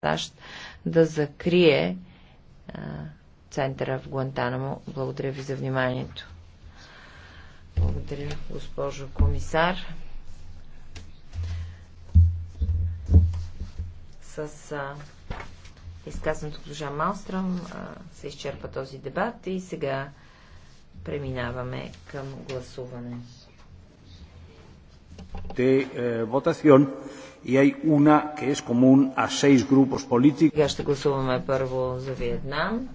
САЩ да закрие а, центъра в Гуантанамо. Благодаря ви за вниманието. Благодаря, госпожо комисар. С а, изказаното госпожа Малстрам а, се изчерпа този дебат и сега преминаваме към гласуване. Сега ще гласуваме първо за Виетнам.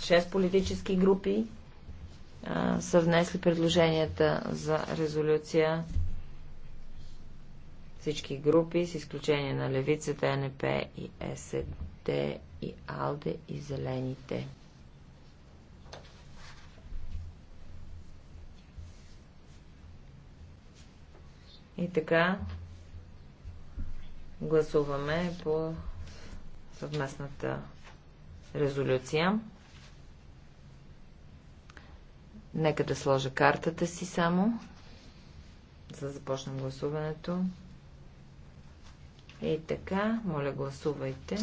Шест политически групи а, са внесли предложенията за резолюция. Всички групи, с изключение на Левицата, НП и СД и АЛДЕ и Зелените. И така гласуваме по съвместната резолюция. Нека да сложа картата си само, за да започнем гласуването. И така, моля гласувайте.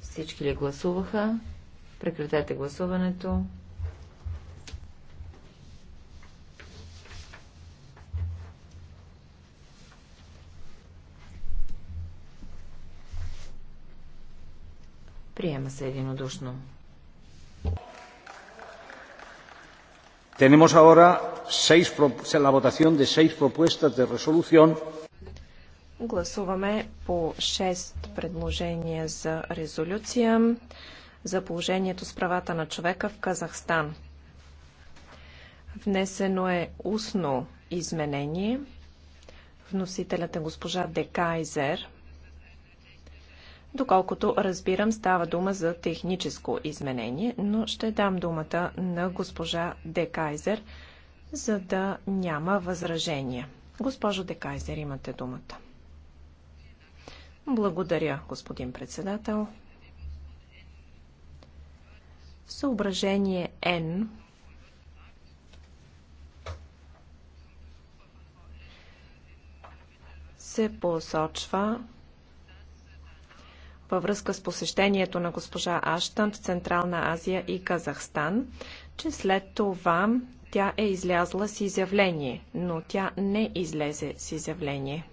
Всички ли гласуваха? Прекратете гласуването. Приема се единодушно. Tenemos ahora seis, la votación de seis propuestas de resolución. Гласуваме по 6 предложения за резолюция за положението с правата на човека в Казахстан. Внесено е устно изменение. Вносителят е госпожа Декайзер. Доколкото разбирам, става дума за техническо изменение, но ще дам думата на госпожа Декайзер, за да няма възражения. Госпожо Декайзер, имате думата. Благодаря, господин председател. Съображение Н се посочва във връзка с посещението на госпожа Аштън в Централна Азия и Казахстан, че след това тя е излязла с изявление, но тя не излезе с изявление.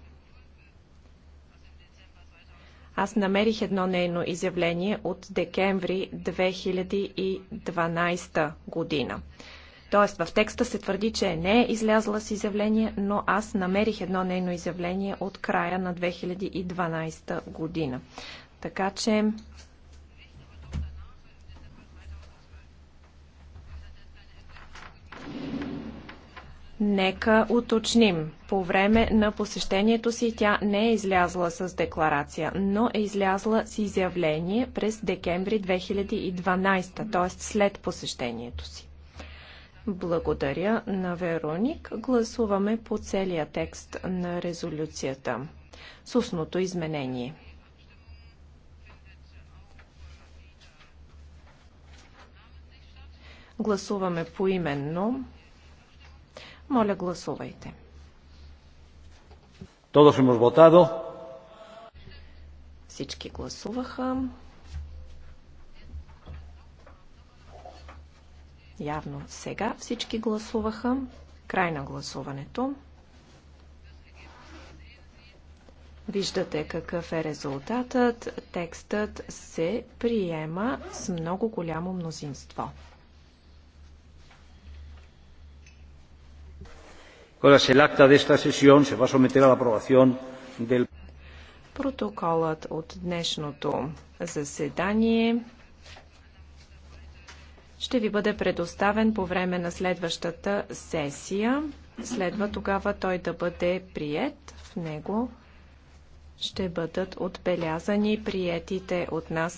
Аз намерих едно нейно изявление от декември 2012 година. Тоест в текста се твърди, че не е излязла с изявление, но аз намерих едно нейно изявление от края на 2012 година. Така че Нека уточним. По време на посещението си тя не е излязла с декларация, но е излязла с изявление през декември 2012, т.е. след посещението си. Благодаря на Вероник. Гласуваме по целия текст на резолюцията с устното изменение. Гласуваме поименно. Моля, гласувайте. Todos hemos votado. Всички гласуваха. Явно сега всички гласуваха. Край на гласуването. Виждате какъв е резултатът. Текстът се приема с много голямо мнозинство. Протоколът от днешното заседание ще ви бъде предоставен по време на следващата сесия. Следва тогава той да бъде прият. В него ще бъдат отбелязани приетите от нас